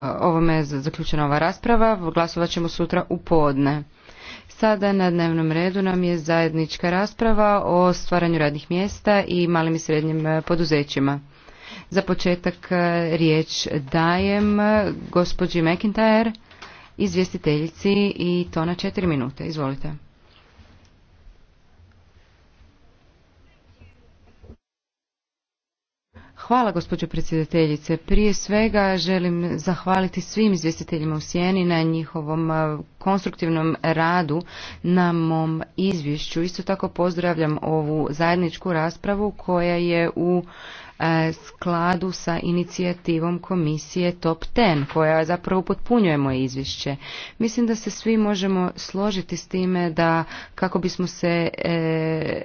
Ovome je zaključena ova rasprava, glasovat ćemo sutra u podne. Sada na dnevnom redu nam je zajednička rasprava o stvaranju radnih mjesta i malim i srednjim e, poduzećima. Za početak e, riječ dajem gospođi McIntyre, izvjestiteljici i to na četiri minute. Izvolite. Hvala gospođo predsjedateljice. Prije svega želim zahvaliti svim izvjestiteljima u Sjeni na njihovom konstruktivnom radu na mom izvješću. Isto tako pozdravljam ovu zajedničku raspravu koja je u E, skladu sa inicijativom komisije Top 10, koja zapravo potpunjujemo izvješće. Mislim da se svi možemo složiti s time da kako bismo se e,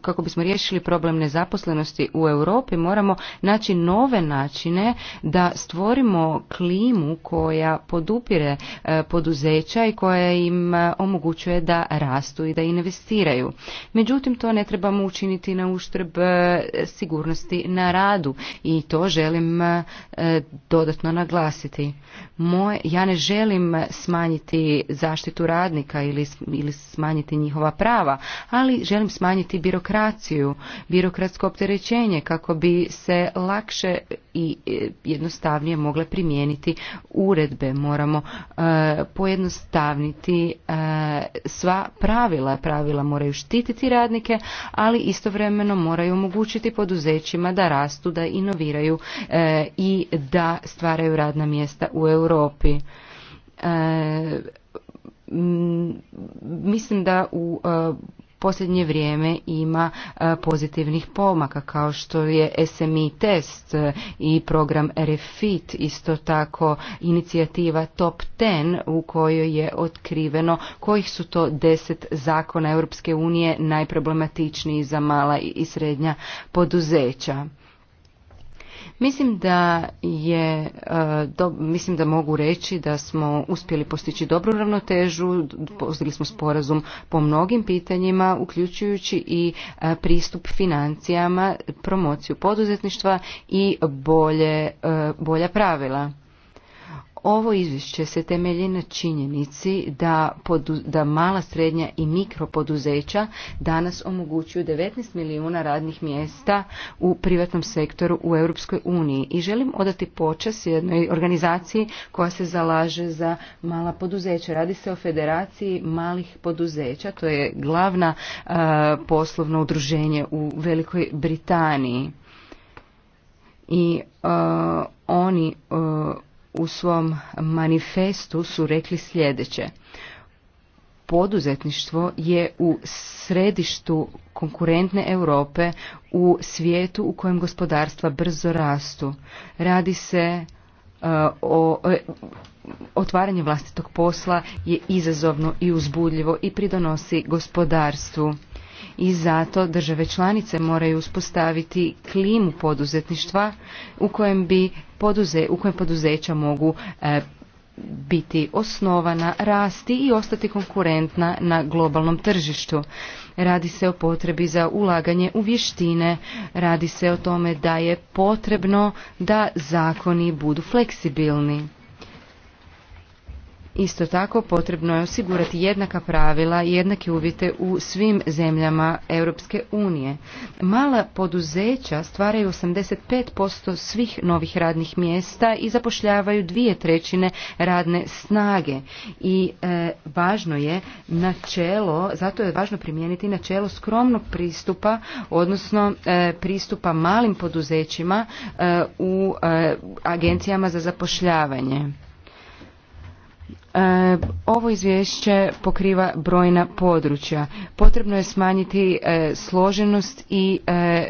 kako bismo riješili problem nezaposlenosti u Europi moramo naći nove načine da stvorimo klimu koja podupire e, poduzeća i koja im omogućuje da rastu i da investiraju. Međutim, to ne trebamo učiniti na uštrb sigurnosti na radu i to želim e, dodatno naglasiti. Moje, ja ne želim smanjiti zaštitu radnika ili, ili smanjiti njihova prava, ali želim smanjiti birokraciju, birokratsko opterećenje kako bi se lakše i e, jednostavnije mogle primijeniti uredbe. Moramo uh, pojednostavniti sva pravila. Pravila moraju štititi radnike, ali istovremeno moraju omogućiti poduzeći da rastu, da inoviraju e, i da stvaraju radna mjesta u Europi. E, mislim da u e, posljednje vrijeme ima e, pozitivnih pomaka kao što je SMI test e, i program Refit, isto tako inicijativa Top 10 u kojoj je otkriveno kojih su to deset zakona Europske unije najproblematičniji za mala i srednja poduzeća. Mislim da je, e, mislim da mogu reći da smo uspjeli postići dobru ravnotežu, postigli smo sporazum po mnogim pitanjima, uključujući i e, pristup financijama, promociju poduzetništva i bolje, e, bolja pravila. Ovo izvješće se temelji na činjenici da, da mala, srednja i mikro poduzeća danas omogućuju 19 milijuna radnih mjesta u privatnom sektoru u Europskoj uniji. I želim odati počas jednoj organizaciji koja se zalaže za mala poduzeća. Radi se o Federaciji malih poduzeća, to je glavna poslovno udruženje u Velikoj Britaniji. I oni u svom manifestu su rekli sljedeće. Poduzetništvo je u središtu konkurentne Europe u svijetu u kojem gospodarstva brzo rastu. Radi se uh, o e, otvaranje vlastitog posla je izazovno i uzbudljivo i pridonosi gospodarstvu i zato države članice moraju uspostaviti klimu poduzetništva u kojem bi poduze, u kojem poduzeća mogu e, biti osnovana, rasti i ostati konkurentna na globalnom tržištu. Radi se o potrebi za ulaganje u vještine, radi se o tome da je potrebno da zakoni budu fleksibilni. Isto tako potrebno je osigurati jednaka pravila i jednake uvjete u svim zemljama Europske unije. Mala poduzeća stvaraju 85% svih novih radnih mjesta i zapošljavaju dvije trećine radne snage i e, važno je načelo, zato je važno primijeniti načelo skromnog pristupa, odnosno e, pristupa malim poduzećima e, u agencijama za zapošljavanje. E, ovo izvješće pokriva brojna područja. Potrebno je smanjiti e, složenost i e,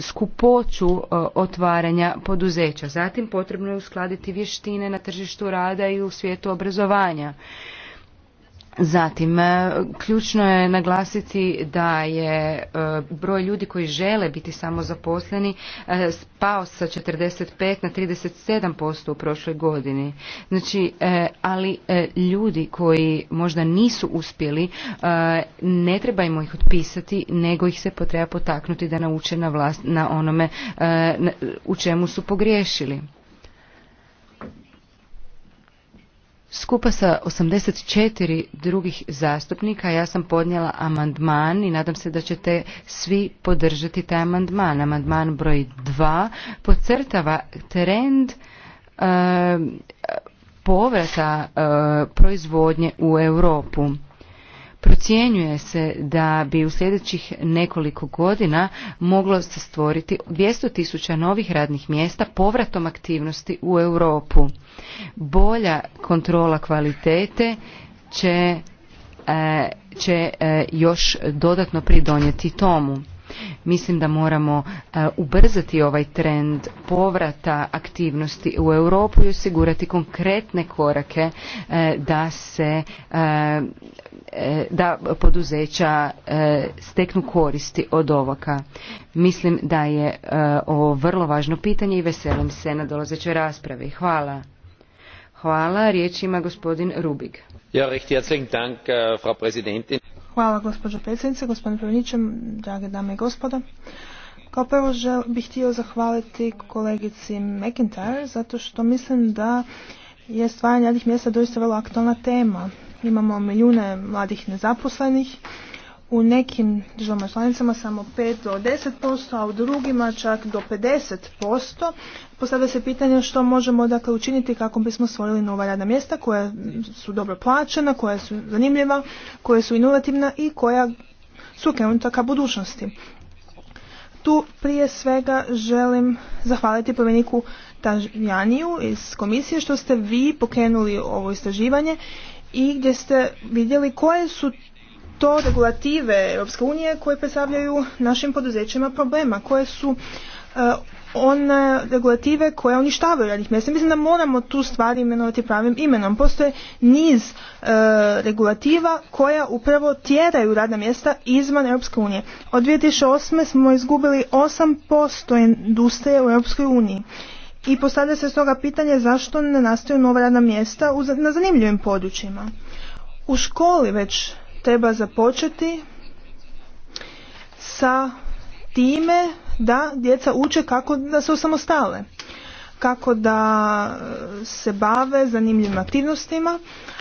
skupoću otvaranja poduzeća. Zatim potrebno je uskladiti vještine na tržištu rada i u svijetu obrazovanja. Zatim, e, ključno je naglasiti da je e, broj ljudi koji žele biti samozaposleni e, spao sa 45 na 37% u prošloj godini. Znači, ali ljudi koji možda nisu uspjeli, ne trebajmo ih otpisati, nego ih se potreba potaknuti da nauče na, vlast, na onome u čemu su pogriješili. Skupa sa 84 drugih zastupnika ja sam podnijela amandman i nadam se da ćete svi podržati taj amandman. Amandman broj 2 podcrtava trend eh, povrata eh, proizvodnje u Europu. Procjenjuje se da bi u sljedećih nekoliko godina moglo se stvoriti 200 tisuća novih radnih mjesta povratom aktivnosti u Europu. Bolja kontrola kvalitete će, e, će e, još dodatno pridonijeti tomu. Mislim da moramo e, ubrzati ovaj trend povrata aktivnosti u Europu i osigurati konkretne korake da se E, da poduzeća e, steknu koristi od ovoga. Mislim da je e, ovo vrlo važno pitanje i veselim se na dolazećoj raspravi. Hvala. Hvala. Riječ ima gospodin Rubik. Ja, Dank, äh, Frau Hvala gospođo predsjednice, gospodine Prvniće, drage dame i gospoda. Kao prvo žel, bih htio zahvaliti kolegici McIntyre zato što mislim da je stvaranje radnih mjesta doista vrlo aktualna tema imamo milijune mladih nezaposlenih. U nekim državama članicama samo 5 do 10%, a u drugima čak do 50%. Postavlja se pitanje što možemo dakle, učiniti kako bismo stvorili nova radna mjesta koja su dobro plaćena, koja su zanimljiva, koja su inovativna i koja su krenuta ka budućnosti. Tu prije svega želim zahvaliti povjereniku Tajaniju iz komisije što ste vi pokrenuli ovo istraživanje i gdje ste vidjeli koje su to regulative Europske unije koje predstavljaju našim poduzećima problema, koje su e, one regulative koje uništavaju radnih mjesta. Mislim da moramo tu stvar imenovati pravim imenom. Postoje niz e, regulativa koja upravo tjeraju radna mjesta izvan Europske unije. Od 2008. smo izgubili 8% industrije u Europskoj uniji i postavlja se stoga pitanje zašto ne nastaju nova radna mjesta na zanimljivim područjima. U školi već treba započeti sa time da djeca uče kako da se osamostale, kako da e, se bave zanimljivim aktivnostima,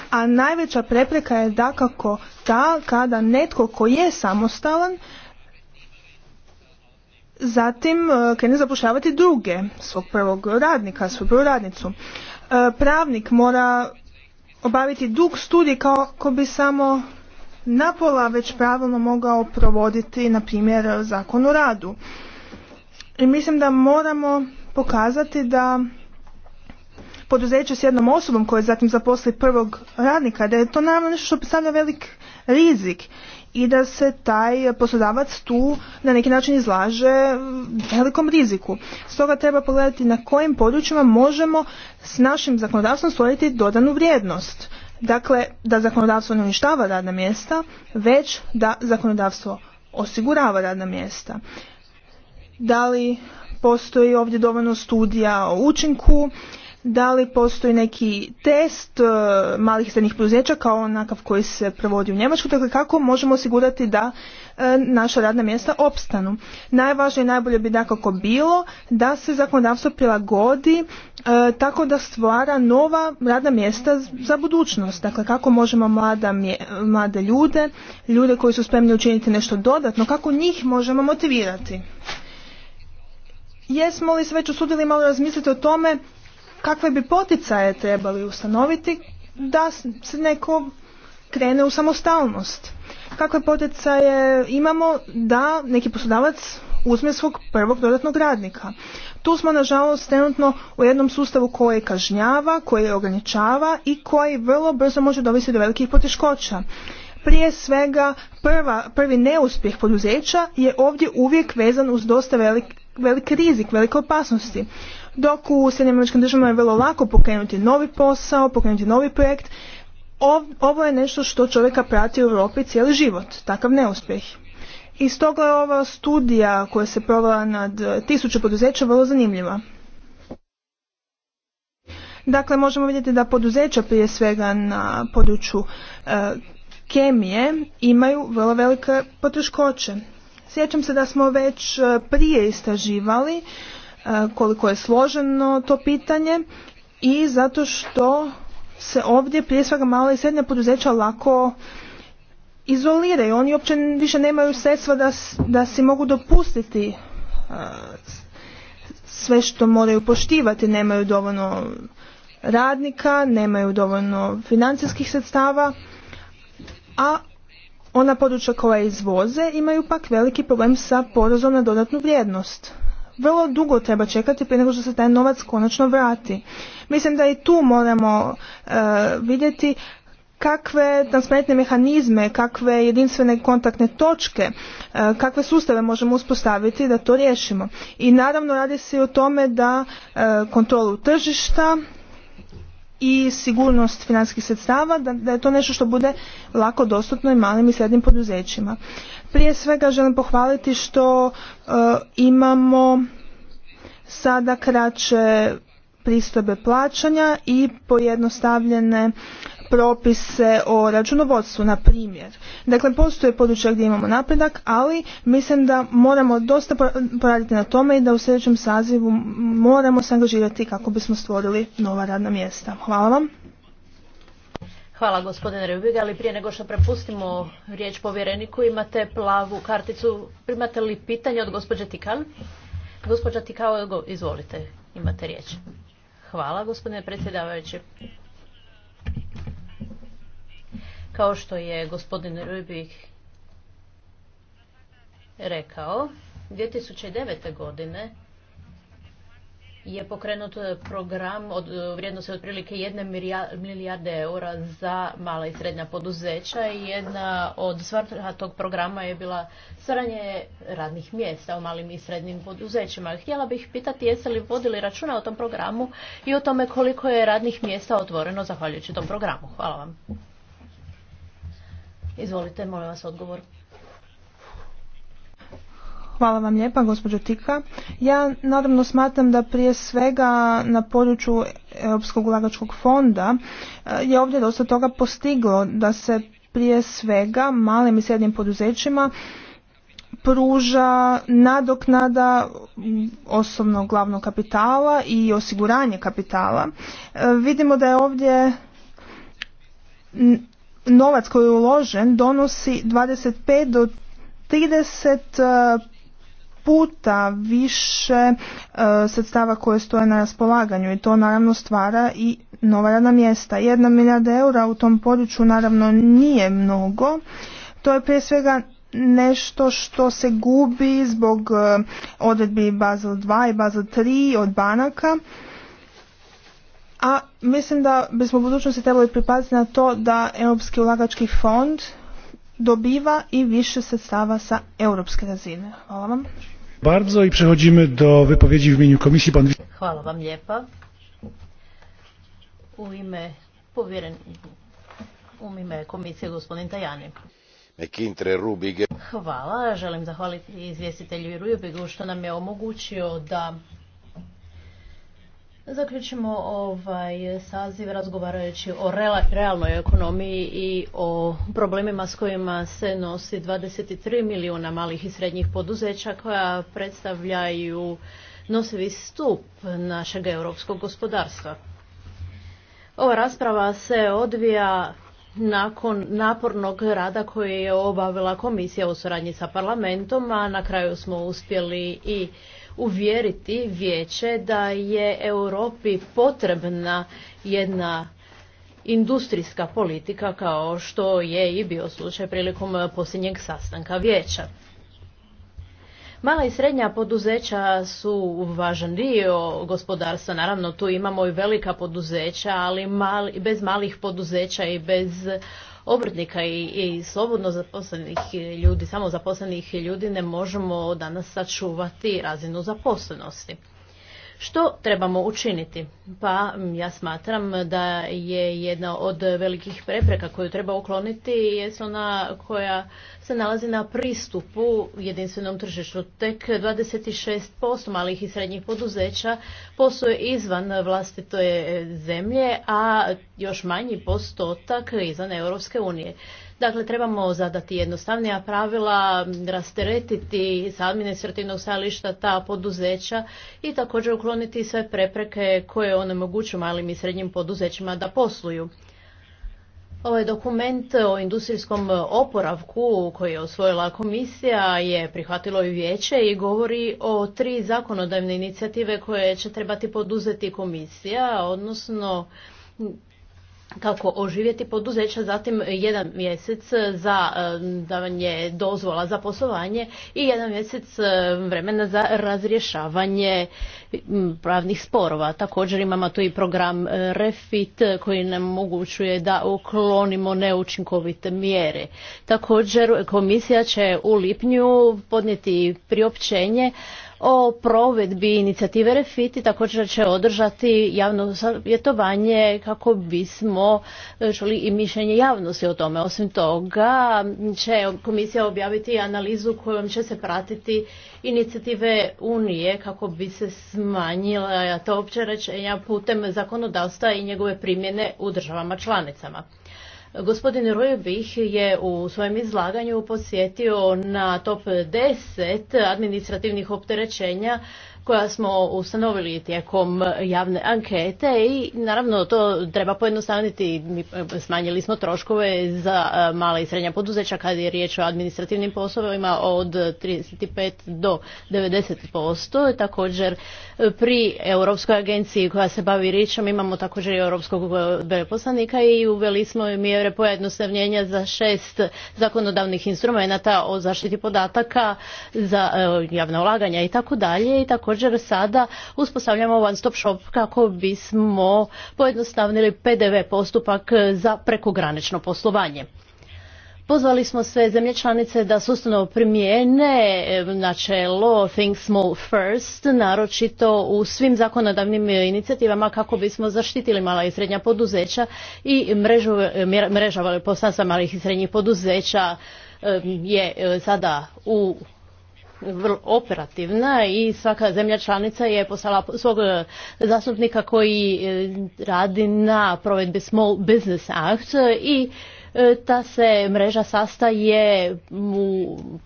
a najveća prepreka je dakako ta kada netko ko je samostalan zatim e, krene zapošljavati druge, svog prvog radnika, svoju prvu radnicu. E, pravnik mora obaviti dug studij ko bi samo napola već pravilno mogao provoditi, na primjer, zakon o radu. I mislim da moramo pokazati da poduzeće s jednom osobom koje zatim zaposli prvog radnika, da je to naravno nešto što predstavlja velik rizik i da se taj poslodavac tu na neki način izlaže velikom riziku. Stoga treba pogledati na kojim područjima možemo s našim zakonodavstvom stvoriti dodanu vrijednost. Dakle, da zakonodavstvo ne uništava radna mjesta, već da zakonodavstvo osigurava radna mjesta. Da li postoji ovdje dovoljno studija o učinku, da li postoji neki test e, malih srednjih poduzeća kao onakav koji se provodi u Njemačku, dakle kako možemo osigurati da e, naša radna mjesta opstanu. Najvažnije i najbolje bi dakako bilo da se zakonodavstvo prilagodi e, tako da stvara nova radna mjesta za budućnost. Dakle, kako možemo mlade ljude, ljude koji su spremni učiniti nešto dodatno, kako njih možemo motivirati. Jesmo li se već usudili malo razmisliti o tome kakve bi poticaje trebali ustanoviti da se neko krene u samostalnost. Kakve poticaje imamo da neki poslodavac uzme svog prvog dodatnog radnika. Tu smo nažalost trenutno u jednom sustavu koji kažnjava, koji ograničava i koji vrlo brzo može dovesti do velikih poteškoća. Prije svega prva, prvi neuspjeh poduzeća je ovdje uvijek vezan uz dosta velik, velik rizik, velike opasnosti dok u Sjedinjim državama je vrlo lako pokrenuti novi posao, pokrenuti novi projekt, ovo je nešto što čovjeka prati u Europi cijeli život, takav neuspjeh. I stoga je ova studija koja se provela nad tisuću poduzeća vrlo zanimljiva. Dakle, možemo vidjeti da poduzeća prije svega na području e, kemije imaju vrlo velike poteškoće. Sjećam se da smo već e, prije istraživali E, koliko je složeno to pitanje i zato što se ovdje prije svega mala i srednja poduzeća lako izoliraju. Oni uopće više nemaju sredstva da, da si mogu dopustiti e, sve što moraju poštivati. Nemaju dovoljno radnika, nemaju dovoljno financijskih sredstava, a ona područja koja izvoze imaju pak veliki problem sa porozom na dodatnu vrijednost vrlo dugo treba čekati prije nego što se taj novac konačno vrati. Mislim da i tu moramo e, vidjeti kakve transparentne mehanizme, kakve jedinstvene kontaktne točke, e, kakve sustave možemo uspostaviti da to riješimo. I naravno radi se i o tome da e, kontrolu tržišta i sigurnost financijskih sredstava, da, da je to nešto što bude lako dostupno i malim i srednjim poduzećima. Prije svega želim pohvaliti što e, imamo sada kraće pristojbe plaćanja i pojednostavljene propise o računovodstvu, na primjer. Dakle, postoje područja gdje imamo napredak, ali mislim da moramo dosta poraditi na tome i da u sljedećem sazivu moramo se angažirati kako bismo stvorili nova radna mjesta. Hvala vam. Hvala gospodine Rubiga, ali prije nego što prepustimo riječ povjereniku, imate plavu karticu. Primate li pitanje od gospođe Tikal? Gospođa Tikal, izvolite, imate riječ. Hvala gospodine predsjedavajući. Kao što je gospodin Rubik rekao, 2009. godine je pokrenut e, program od e, vrijednosti otprilike jedne milijarde eura za mala i srednja poduzeća i jedna od svrha tog programa je bila stvaranje radnih mjesta u malim i srednjim poduzećima. Htjela bih pitati jeste li vodili računa o tom programu i o tome koliko je radnih mjesta otvoreno zahvaljujući tom programu. Hvala vam. Izvolite, molim vas odgovor. Hvala vam lijepa, gospođo Tika. Ja naravno smatram da prije svega na području Europskog ulagačkog fonda e, je ovdje dosta toga postiglo da se prije svega malim i srednjim poduzećima pruža nadoknada osobnog glavnog kapitala i osiguranje kapitala. E, vidimo da je ovdje novac koji je uložen donosi 25 do 30 puta više e, sredstava koje stoje na raspolaganju i to naravno stvara i nova radna mjesta. Jedna milijarda eura u tom području naravno nije mnogo. To je prije svega nešto što se gubi zbog e, odredbi Basel 2 i Basel 3 od banaka. A mislim da bismo u budućnosti trebali pripaziti na to da Europski ulagački fond dobiva i više sredstava sa europske razine. Hvala vam. Bardzo i przechodzimy do wypowiedzi w imieniu komisji. Pan... Hvala vam lijepa. U ime, povjeren, u ime komisije gospodin Tajani. Hvala. Želim zahvaliti izvjestitelju Rubigu što nam je omogućio da zaključimo ovaj saziv razgovarajući o realnoj ekonomiji i o problemima s kojima se nosi 23 milijuna malih i srednjih poduzeća koja predstavljaju nosivi stup našeg europskog gospodarstva. Ova rasprava se odvija nakon napornog rada koji je obavila komisija u suradnji sa parlamentom, a na kraju smo uspjeli i uvjeriti vijeće da je Europi potrebna jedna industrijska politika kao što je i bio slučaj prilikom posljednjeg sastanka vijeća. Mala i srednja poduzeća su važan dio gospodarstva. Naravno, tu imamo i velika poduzeća, ali mali, bez malih poduzeća i bez obrtnika i, i slobodno zaposlenih ljudi, samo zaposlenih ljudi ne možemo danas sačuvati razinu zaposlenosti. Što trebamo učiniti? Pa ja smatram da je jedna od velikih prepreka koju treba ukloniti je ona koja se nalazi na pristupu jedinstvenom tržištu. Tek 26% malih i srednjih poduzeća posluje izvan vlastite zemlje, a još manji postotak izvan Europske unije. Dakle, trebamo zadati jednostavnija pravila, rasteretiti sa administrativnog stajališta ta poduzeća i također ukloniti sve prepreke koje onemogućuju malim i srednjim poduzećima da posluju. Ovaj dokument o industrijskom oporavku koji je osvojila komisija je prihvatilo i vijeće i govori o tri zakonodavne inicijative koje će trebati poduzeti komisija, odnosno kako oživjeti poduzeća, zatim jedan mjesec za e, davanje dozvola za poslovanje i jedan mjesec e, vremena za razrješavanje pravnih sporova. Također imamo tu i program e, Refit koji nam omogućuje da uklonimo neučinkovite mjere. Također komisija će u lipnju podnijeti priopćenje o provedbi inicijative Refit također će održati javno savjetovanje kako bismo e, čuli i mišljenje javnosti o tome. Osim toga će komisija objaviti analizu kojom će se pratiti inicijative Unije kako bi se smanjila to opće rečenja putem zakonodavstva i njegove primjene u državama članicama. Gospodin Rojevih je u svojem izlaganju posjetio na top 10 administrativnih opterećenja koja smo ustanovili tijekom javne ankete i naravno to treba pojednostavniti. E, smanjili smo troškove za e, mala i srednja poduzeća kad je riječ o administrativnim poslovima od 35 do 90%. Također e, pri Europskoj agenciji koja se bavi ričom imamo također i Europskog veleposlanika i uveli smo mjere pojednostavljenja za šest zakonodavnih instrumenata o zaštiti podataka za javna ulaganja i tako dalje i također Također sada uspostavljamo one stop shop kako bismo pojednostavnili PDV postupak za prekogranično poslovanje. Pozvali smo sve zemlje članice da sustavno primijene e, načelo Think Small First, naročito u svim zakonodavnim inicijativama kako bismo zaštitili mala i srednja poduzeća i mrežu, e, mreža e, malih i srednjih poduzeća je sada u vrlo operativna i svaka zemlja članica je poslala svog e, zastupnika koji e, radi na provedbi Small Business Act i e, ta se mreža sastaje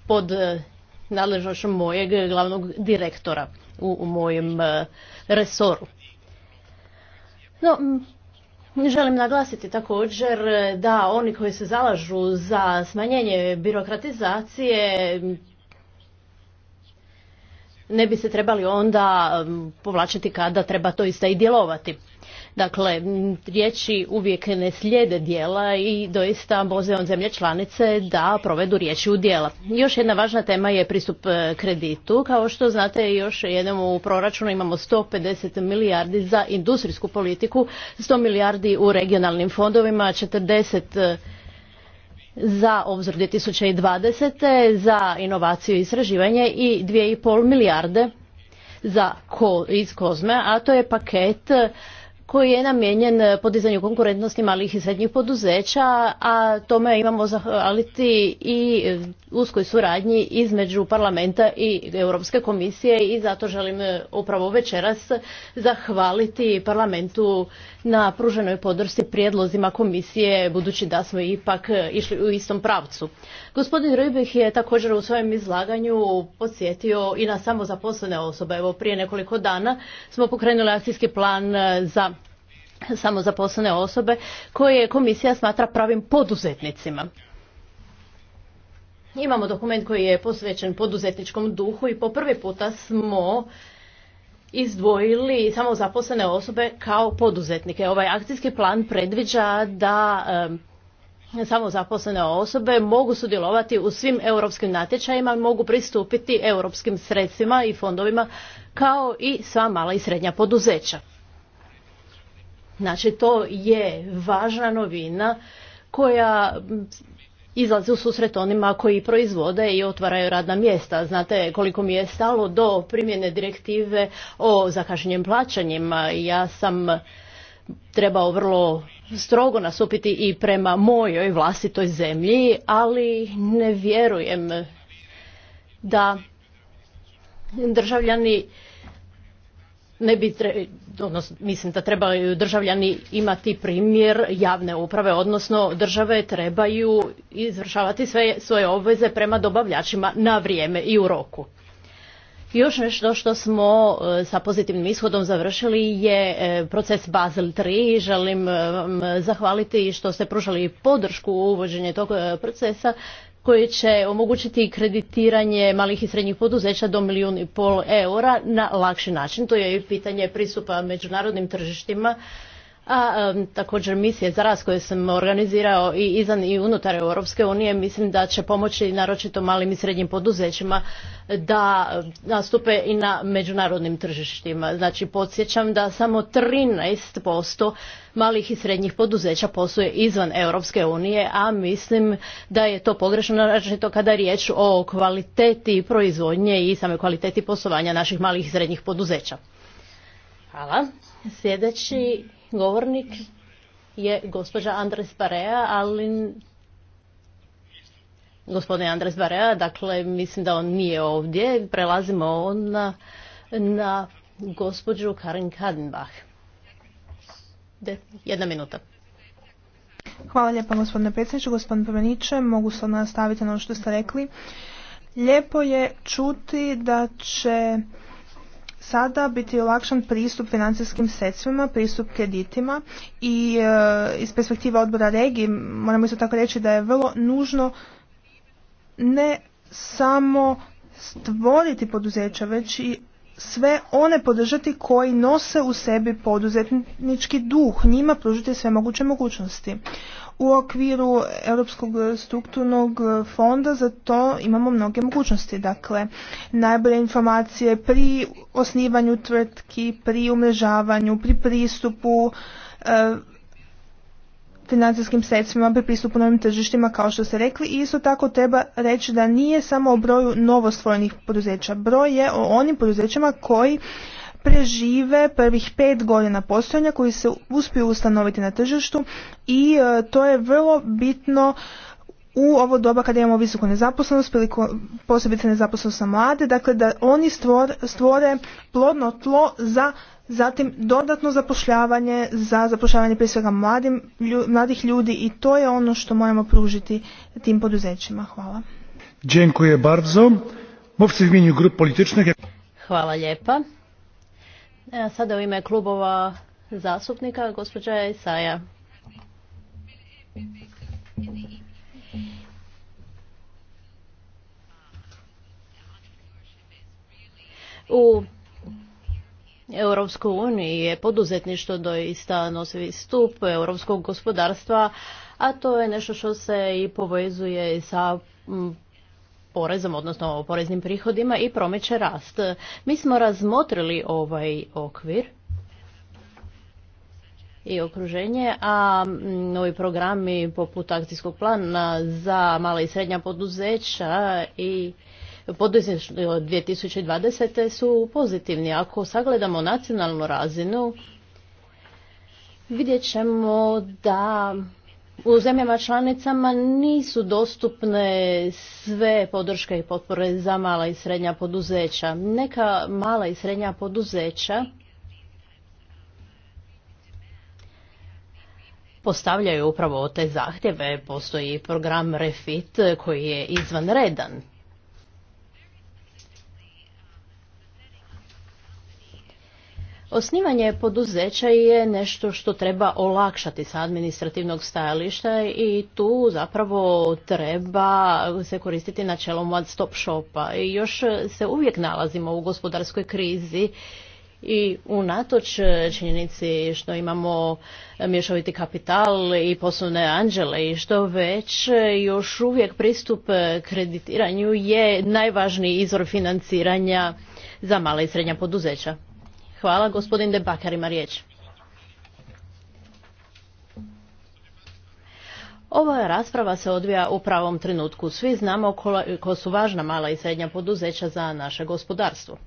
pod nadležnošću mojeg glavnog direktora u, u mojem resoru. No, Želim naglasiti također da oni koji se zalažu za smanjenje birokratizacije ne bi se trebali onda povlačiti kada treba to isto i djelovati. Dakle, riječi uvijek ne slijede dijela i doista boze on zemlje članice da provedu riječi u dijela. Još jedna važna tema je pristup e, kreditu. Kao što znate, još jednom u proračunu imamo 150 milijardi za industrijsku politiku, 100 milijardi u regionalnim fondovima, 40 za obzor 2020. za inovaciju i istraživanje i 2,5 milijarde za ko, iz Kozme, a to je paket koji je namijenjen podizanju konkurentnosti malih i srednjih poduzeća, a tome imamo zahvaliti i uskoj suradnji između parlamenta i Europske komisije i zato želim e, upravo večeras zahvaliti parlamentu na pruženoj podršci prijedlozima komisije budući da smo ipak e, išli u istom pravcu. Gospodin Rybih je također u svojem izlaganju podsjetio i na samozaposlene osobe. Evo prije nekoliko dana smo pokrenuli akcijski plan e, za samozaposlene osobe koje komisija smatra pravim poduzetnicima. Imamo dokument koji je posvećen poduzetničkom duhu i po prvi puta smo izdvojili samozaposlene osobe kao poduzetnike. Ovaj akcijski plan predviđa da samo osobe mogu sudjelovati u svim europskim natječajima, mogu pristupiti europskim sredstvima i fondovima kao i sva mala i srednja poduzeća. Znači to je važna novina koja izlazi u susret onima koji proizvode i otvaraju radna mjesta. Znate koliko mi je stalo do primjene direktive o zakašnjenim plaćanjima. Ja sam trebao vrlo strogo nasupiti i prema mojoj vlastitoj zemlji, ali ne vjerujem da državljani ne bi tre, odnosno, mislim da trebaju državljani imati primjer javne uprave, odnosno države trebaju izvršavati sve svoje obveze prema dobavljačima na vrijeme i u roku. Još nešto što smo e, sa pozitivnim ishodom završili je e, proces Basel 3. Želim e, vam zahvaliti što ste pružali podršku u uvođenje tog procesa koji će omogućiti kreditiranje malih i srednjih poduzeća do milijun i pol eura na lakši način. To je i pitanje pristupa međunarodnim tržištima a također misije za rast koje sam organizirao i izvan i unutar Europske unije mislim da će pomoći naročito malim i srednjim poduzećima da nastupe i na međunarodnim tržištima. Znači podsjećam da samo 13% malih i srednjih poduzeća posluje izvan Europske unije, a mislim da je to pogrešno naročito kada je riječ o kvaliteti proizvodnje i same kvaliteti poslovanja naših malih i srednjih poduzeća. Hvala. Sljedeći govornik je gospođa Andres Barea, ali gospodin Andres Barea, dakle mislim da on nije ovdje. Prelazimo on na, gospođu Karin Kadenbach. jedna minuta. Hvala lijepa gospodine predsjedniče, gospodine Pomeniće. Mogu se nastaviti na ono što ste rekli. Lijepo je čuti da će sada biti olakšan pristup financijskim sredstvima, pristup kreditima i e, iz perspektive odbora regije moramo isto tako reći da je vrlo nužno ne samo stvoriti poduzeća, već i sve one podržati koji nose u sebi poduzetnički duh, njima pružiti sve moguće mogućnosti. U okviru Europskog strukturnog fonda za to imamo mnoge mogućnosti. Dakle, najbolje informacije pri osnivanju tvrtki, pri umrežavanju, pri pristupu e, financijskim sredstvima pri pristupu novim tržištima kao što ste rekli i isto tako treba reći da nije samo o broju novostvojenih poduzeća. Broj je o onim poduzećima koji prežive prvih pet godina postojanja koji se uspiju ustanoviti na tržištu i e, to je vrlo bitno u ovo doba kada imamo visoku nezaposlenost, posebice nezaposlenost na mlade, dakle da oni stvore plodno tlo za zatim dodatno zapošljavanje, za zapošljavanje prije svega mladim, mladih ljudi i to je ono što moramo pružiti tim poduzećima. Hvala. Dziękuję bardzo. Mówcy w imieniu grup politycznych. Hvala lijepa. Sada u ime klubova zastupnika, gospođa Isaja. U EU uniji je poduzetništvo doista nosivi stup europskog gospodarstva, a to je nešto što se i povezuje sa porezom, odnosno poreznim prihodima i promiče rast. Mi smo razmotrili ovaj okvir i okruženje, a novi mm, programi poput akcijskog plana za mala i srednja poduzeća i od 2020. su pozitivni. Ako sagledamo nacionalnu razinu, vidjet ćemo da u zemljama članicama nisu dostupne sve podrške i potpore za mala i srednja poduzeća. Neka mala i srednja poduzeća postavljaju upravo te zahtjeve. Postoji program Refit koji je izvanredan. Osnivanje poduzeća je nešto što treba olakšati sa administrativnog stajališta i tu zapravo treba se koristiti načelom od stop shopa. I još se uvijek nalazimo u gospodarskoj krizi i unatoč činjenici što imamo mješoviti kapital i poslovne anđele i što već još uvijek pristup kreditiranju je najvažniji izvor financiranja za mala i srednja poduzeća. Hvala. Gospodin Bakar ima riječ. Ova rasprava se odvija u pravom trenutku. Svi znamo ko su važna mala i srednja poduzeća za naše gospodarstvo.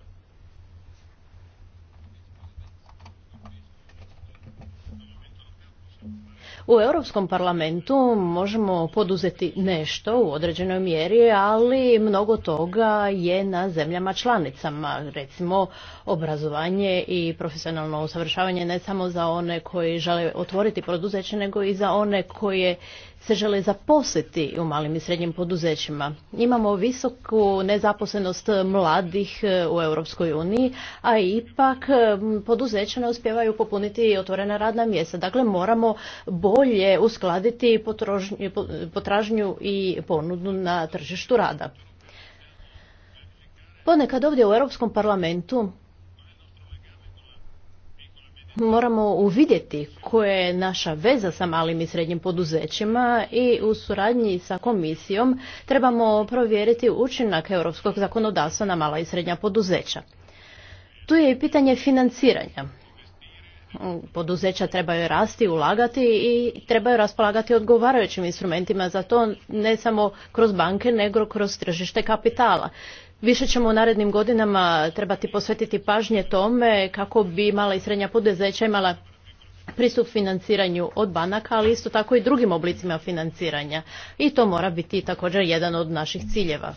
U Europskom parlamentu možemo poduzeti nešto u određenoj mjeri, ali mnogo toga je na zemljama članicama. Recimo, obrazovanje i profesionalno usavršavanje ne samo za one koji žele otvoriti poduzeće, nego i za one koje se žele zaposliti u malim i srednjim poduzećima. Imamo visoku nezaposlenost mladih e, u Europskoj uniji, a ipak e, poduzeća ne uspjevaju popuniti otvorena radna mjesta. Dakle, moramo bolje uskladiti potražnju i ponudu na tržištu rada. Ponekad ovdje u Europskom parlamentu moramo uvidjeti koja je naša veza sa malim i srednjim poduzećima i u suradnji sa komisijom trebamo provjeriti učinak europskog zakonodavstva na mala i srednja poduzeća. Tu je i pitanje financiranja. Poduzeća trebaju rasti, ulagati i trebaju raspolagati odgovarajućim instrumentima za to ne samo kroz banke nego kroz tržište kapitala. Više ćemo u narednim godinama trebati posvetiti pažnje tome kako bi mala i srednja poduzeća imala pristup financiranju od banaka, ali isto tako i drugim oblicima financiranja. I to mora biti također jedan od naših ciljeva.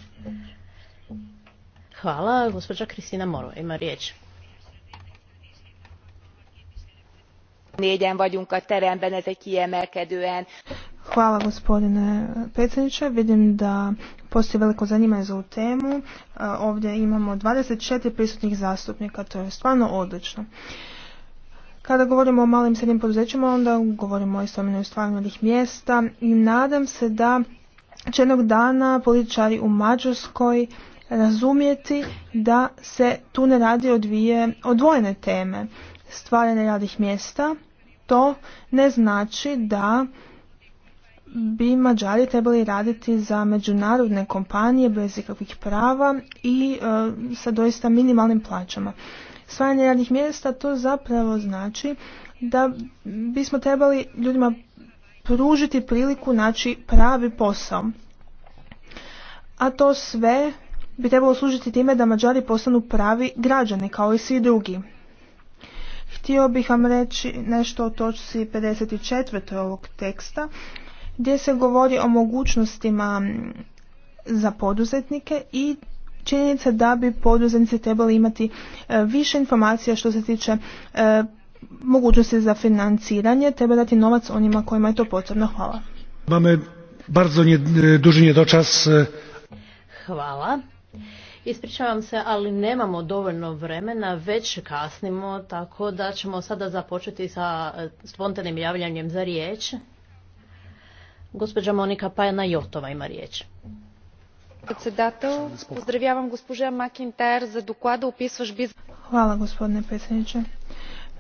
Hvala. Gospođa Kristina Moro, ima riječ. vagyunk a teremben, ez egy Hvala gospodine predsjedniče. Vidim da Postoji veliko zanimanje za ovu temu. E, ovdje imamo 24 prisutnih zastupnika, to je stvarno odlično. Kada govorimo o malim i srednjim poduzećima, onda govorimo o istomenoj stvaranju mjesta i nadam se da će jednog dana političari u Mađarskoj razumjeti da se tu ne radi o dvije odvojene teme. Stvaranje radih mjesta, to ne znači da bi Mađari trebali raditi za međunarodne kompanije bez ikakvih prava i e, sa doista minimalnim plaćama. Svajanje radnih mjesta to zapravo znači da bismo trebali ljudima pružiti priliku naći pravi posao. A to sve bi trebalo služiti time da Mađari postanu pravi građani kao i svi drugi. Htio bih vam reći nešto o točci 54. ovog teksta gdje se govori o mogućnostima za poduzetnike i činjenica da bi poduzetnici trebali imati e, više informacija što se tiče e, mogućnosti za financiranje, treba dati novac onima kojima je to potrebno. Hvala. bardzo e, Hvala. Ispričavam se, ali nemamo dovoljno vremena, već kasnimo, tako da ćemo sada započeti sa spontanim javljanjem za riječ. Gospođa Monika Pajana Jotova ima riječ. Predsjedatel, pozdravljam gospođa McIntyre za doklada upisvaš biz... Hvala gospodine predsjedniče.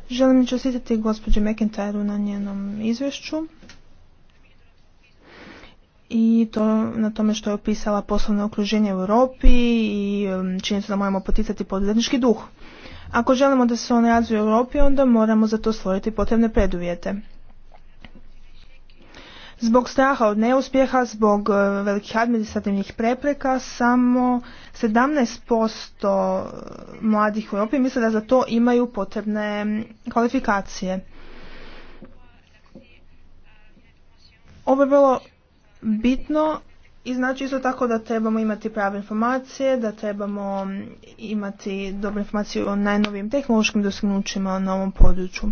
Želim čestitati gospođi McIntyre na njenom izvješću i to na tome što je opisala poslovno okruženje u Europi i um, čini se da moramo poticati poduzetnički duh. Ako želimo da se on razvije u Europi, onda moramo za to stvoriti potrebne preduvjete. Zbog straha od neuspjeha, zbog e, velikih administrativnih prepreka, samo 17% e, mladih u Europi misle da za to imaju potrebne kvalifikacije. Ovo je vrlo bitno i znači isto tako da trebamo imati prave informacije, da trebamo imati dobre informacije o najnovijim tehnološkim dostignućima na ovom području.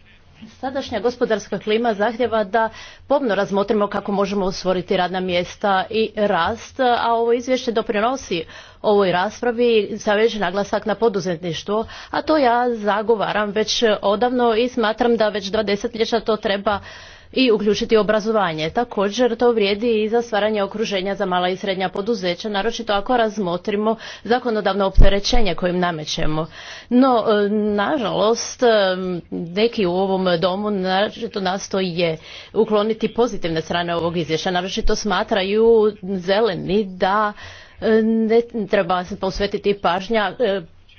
Sadašnja gospodarska klima zahtjeva da pomno razmotrimo kako možemo usvoriti radna mjesta i rast, a ovo izvješće doprinosi ovoj raspravi sa već naglasak na poduzetništvo, a to ja zagovaram već odavno i smatram da već dva desetljeća to treba i uključiti obrazovanje. Također to vrijedi i za stvaranje okruženja za mala i srednja poduzeća, naročito ako razmotrimo zakonodavno opterećenje kojim namećemo. No, e, nažalost, e, neki u ovom domu naročito nastoje ukloniti pozitivne strane ovog izvješća, naročito smatraju zeleni da e, ne treba se posvetiti pažnja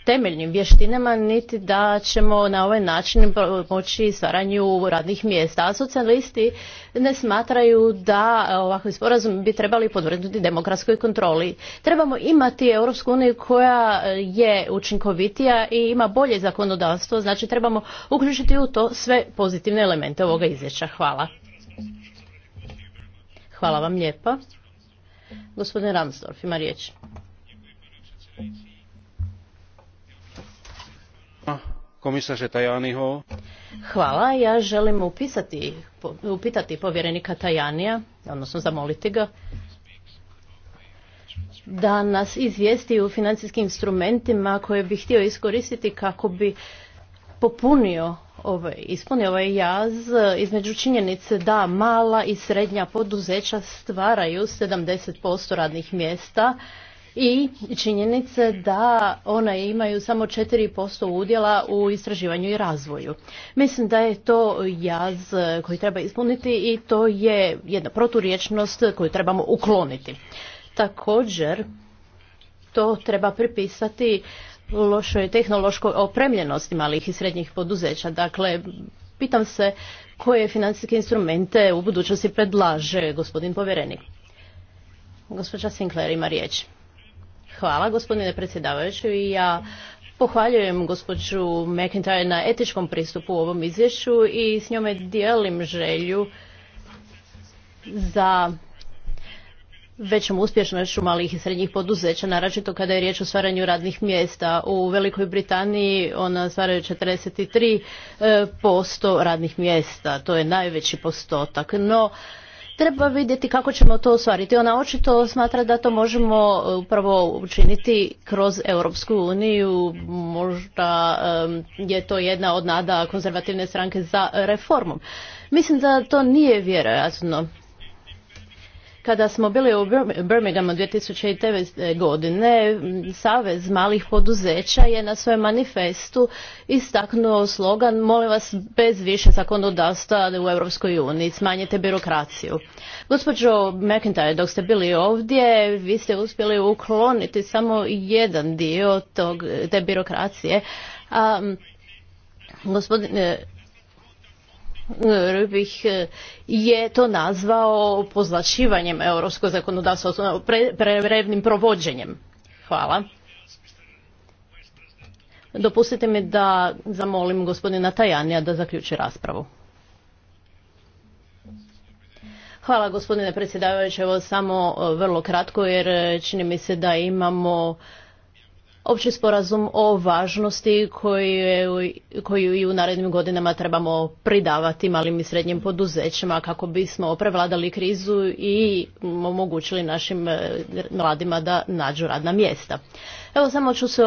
temeljnim vještinama, niti da ćemo na ovaj način pomoći stvaranju radnih mjesta. A socijalisti ne smatraju da ovakvi sporazum bi trebali podvrgnuti demokratskoj kontroli. Trebamo imati Europsku uniju koja je učinkovitija i ima bolje zakonodavstvo, znači trebamo uključiti u to sve pozitivne elemente ovoga izvješća. Hvala. Hvala vam lijepa. Gospodin Ramsdorf ima riječ. Hvala, ja želim upitati povjerenika Tajanija, odnosno zamoliti ga, da nas izvijesti u financijskim instrumentima koje bi htio iskoristiti kako bi popunio ovaj, ispunio ovaj jaz između činjenice da mala i srednja poduzeća stvaraju 70% radnih mjesta, i činjenice da one imaju samo 4% udjela u istraživanju i razvoju. Mislim da je to jaz koji treba ispuniti i to je jedna proturječnost koju trebamo ukloniti. Također, to treba pripisati lošoj tehnološkoj opremljenosti malih i srednjih poduzeća. Dakle, pitam se koje financijske instrumente u budućnosti predlaže gospodin povjerenik. Gospođa Sinclair ima riječ. Hvala gospodine predsjedavajući. Ja pohvaljujem gospođu McIntyre na etičkom pristupu u ovom izvješću i s njome dijelim želju za većom uspješnošću malih i srednjih poduzeća, naročito kada je riječ o stvaranju radnih mjesta. U Velikoj Britaniji ona stvaraju 43% e, radnih mjesta, to je najveći postotak. No, treba vidjeti kako ćemo to ostvariti. Ona očito smatra da to možemo e, upravo učiniti kroz Europsku uniju. Možda je to jedna od nada konzervativne stranke za reformom. Mislim da to nije vjerojatno. Kada smo bili u Birminghamu 2009. godine, Savez malih poduzeća je na svojem manifestu istaknuo slogan molim vas bez više zakonodavstva u Europskoj uniji, smanjite birokraciju. Gospođo McIntyre, dok ste bili ovdje, vi ste uspjeli ukloniti samo jedan dio te birokracije. A, gospodine bih e, je to nazvao pozlačivanjem europskog zakonodavstva, prerevnim provođenjem. Hvala. Dopustite mi da zamolim gospodina Tajanija da zaključi raspravu. Hvala gospodine predsjedavajući, evo samo e, vrlo kratko jer e, čini mi se da imamo opći sporazum o važnosti koju, i u narednim godinama trebamo pridavati malim i srednjim poduzećima kako bismo prevladali krizu i omogućili našim e, mladima da nađu radna mjesta. Evo samo ću se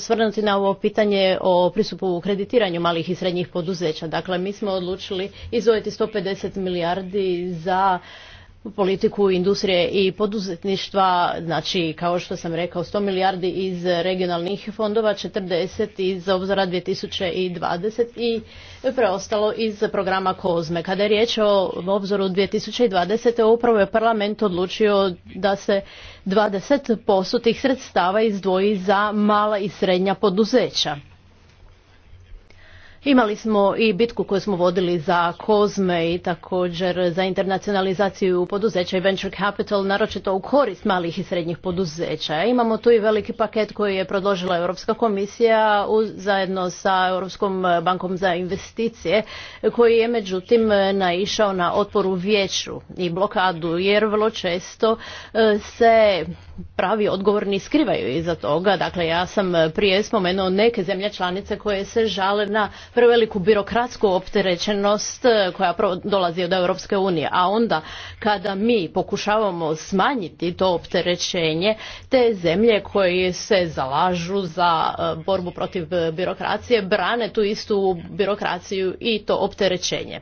svrnuti na ovo pitanje o pristupu u kreditiranju malih i srednjih poduzeća. Dakle, mi smo odlučili izvojiti 150 milijardi za politiku industrije i poduzetništva, znači kao što sam rekao 100 milijardi iz regionalnih fondova, 40 iz obzora 2020 i preostalo iz programa kozme Kada je riječ o obzoru 2020. upravo je parlament odlučio da se 20% tih sredstava izdvoji za mala i srednja poduzeća. Imali smo i bitku koju smo vodili za kozme i također za internacionalizaciju poduzeća i venture capital, naročito u korist malih i srednjih poduzeća. Imamo tu i veliki paket koji je predložila Europska komisija zajedno sa Europskom bankom za investicije, koji je međutim naišao na otporu vijeću i blokadu, jer vrlo često e, se pravi odgovorni skrivaju iza toga. Dakle, ja sam eh, prije spomenuo neke zemlje članice koje se žale na preveliku birokratsku opterećenost eh, koja dolazi od Europske unije. A onda kada mi pokušavamo smanjiti to opterećenje, te zemlje koje se zalažu za eh, borbu protiv birokracije brane tu istu birokraciju i to opterećenje.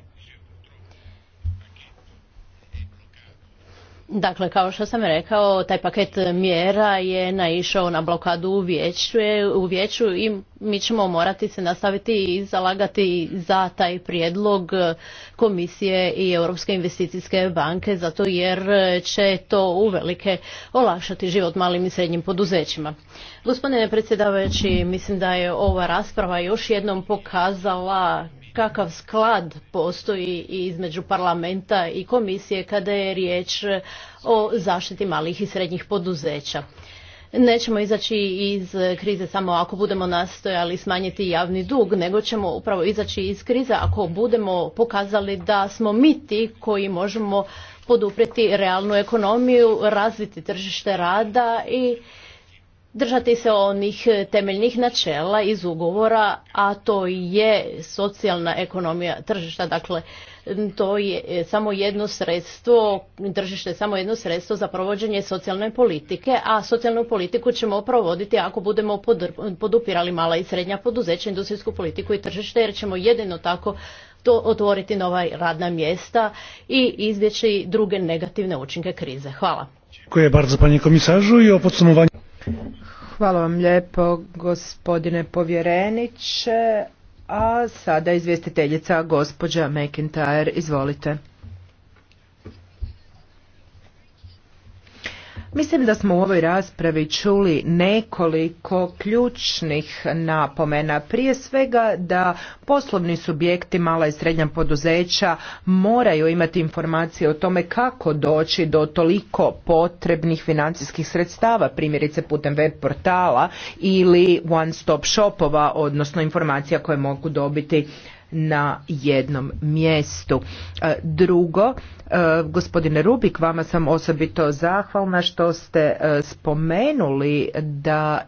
Dakle, kao što sam rekao, taj paket mjera je naišao na blokadu u vijeću, u vijeću i mi ćemo morati se nastaviti i zalagati za taj prijedlog Komisije i Europske investicijske banke, zato jer će to uvelike olakšati život malim i srednjim poduzećima. Gospodine predsjedavajući, mislim da je ova rasprava još jednom pokazala kakav sklad postoji između parlamenta i komisije kada je riječ o zaštiti malih i srednjih poduzeća. Nećemo izaći iz krize samo ako budemo nastojali smanjiti javni dug, nego ćemo upravo izaći iz krize ako budemo pokazali da smo mi ti koji možemo poduprijeti realnu ekonomiju, razviti tržište rada i držati se onih e, temeljnih načela iz ugovora, a to je socijalna ekonomija tržišta. Dakle, to je e, samo jedno sredstvo, tržište je samo jedno sredstvo za provođenje socijalne politike, a socijalnu politiku ćemo provoditi ako budemo podupirali mala i srednja poduzeća, industrijsku politiku i tržište, jer ćemo jedino tako to otvoriti nova radna mjesta i izbjeći druge negativne učinke krize. Hvala. Hvala vam lijepo gospodine povjereniče, a sada izvjestiteljica gospođa McIntyre, izvolite. Mislim da smo u ovoj raspravi čuli nekoliko ključnih napomena. Prije svega da poslovni subjekti, mala i srednja poduzeća moraju imati informacije o tome kako doći do toliko potrebnih financijskih sredstava, primjerice putem web portala ili one stop shopova, odnosno informacija koje mogu dobiti na jednom mjestu. E, drugo, e, gospodine Rubik, vama sam osobito zahvalna što ste e, spomenuli da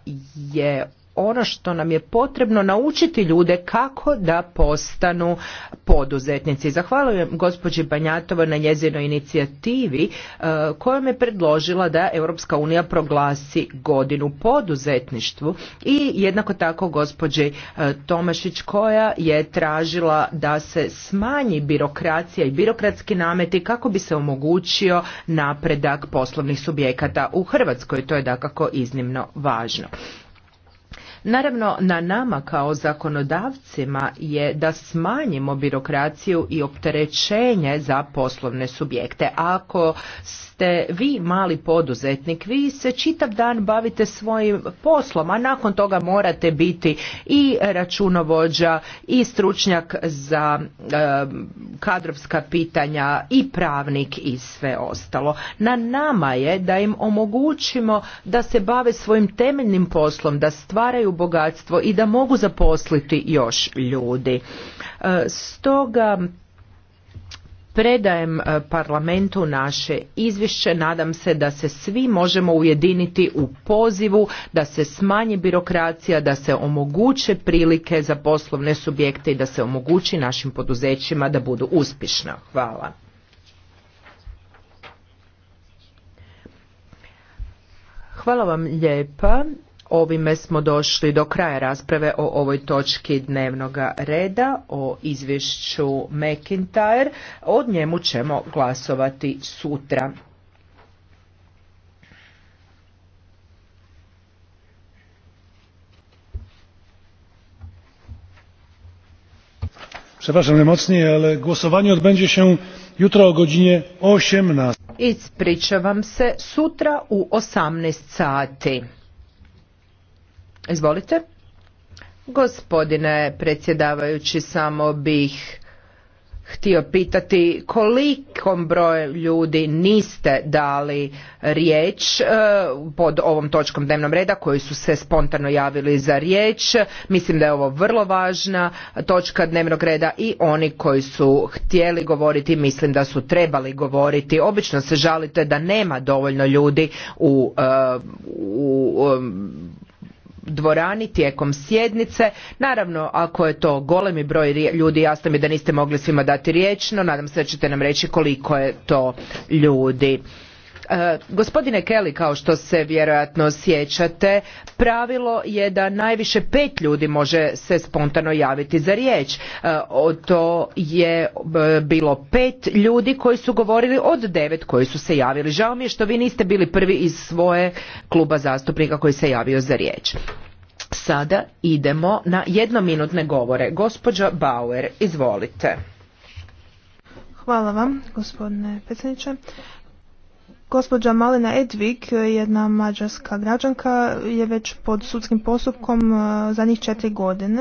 je ono što nam je potrebno naučiti ljude kako da postanu poduzetnici. Zahvaljujem gospođi Banjatovoj na njezinoj inicijativi e, kojom je predložila da Europska unija proglasi godinu poduzetništvu i jednako tako gospođi e, Tomašić koja je tražila da se smanji birokracija i birokratski nameti kako bi se omogućio napredak poslovnih subjekata u Hrvatskoj. To je dakako iznimno važno. Naravno, na nama kao zakonodavcima je da smanjimo birokraciju i opterećenje za poslovne subjekte. Ako ste vi mali poduzetnik, vi se čitav dan bavite svojim poslom, a nakon toga morate biti i računovođa i stručnjak za kadrovska pitanja i pravnik i sve ostalo. Na nama je da im omogućimo da se bave svojim temeljnim poslom, da stvaraju bogatstvo i da mogu zaposliti još ljudi. E, stoga predajem e, parlamentu naše izvješće. Nadam se da se svi možemo ujediniti u pozivu, da se smanji birokracija, da se omoguće prilike za poslovne subjekte i da se omogući našim poduzećima da budu uspješna. Hvala. Hvala vam lijepa. Ovime smo došli do kraja rasprave o ovoj točki dnevnog reda, o izvješću McIntyre. Od njemu ćemo glasovati sutra. przepraszam najmocniej ale głosowanie odbędzie się jutro o godzinie. osiemnaście ispričavam se sutra u 18.00. sati. Izvolite. Gospodine predsjedavajući, samo bih htio pitati kolikom broju ljudi niste dali riječ e, pod ovom točkom dnevnog reda koji su se spontano javili za riječ. Mislim da je ovo vrlo važna točka dnevnog reda i oni koji su htjeli govoriti mislim da su trebali govoriti. Obično se žalite da nema dovoljno ljudi u, e, u dvorani tijekom sjednice. Naravno, ako je to golemi broj ljudi, jasno mi da niste mogli svima dati riječ, no nadam se da ćete nam reći koliko je to ljudi. E, gospodine Kelly, kao što se vjerojatno sjećate, pravilo je da najviše pet ljudi može se spontano javiti za riječ. E, to je e, bilo pet ljudi koji su govorili od devet koji su se javili. Žao mi je što vi niste bili prvi iz svoje kluba zastupnika koji se javio za riječ. Sada idemo na jednominutne govore. Gospođa Bauer, izvolite. Hvala vam, gospodine predsjedniče. Gospođa Malena Edvik, jedna mađarska građanka, je već pod sudskim postupkom eh, zadnjih četiri godine.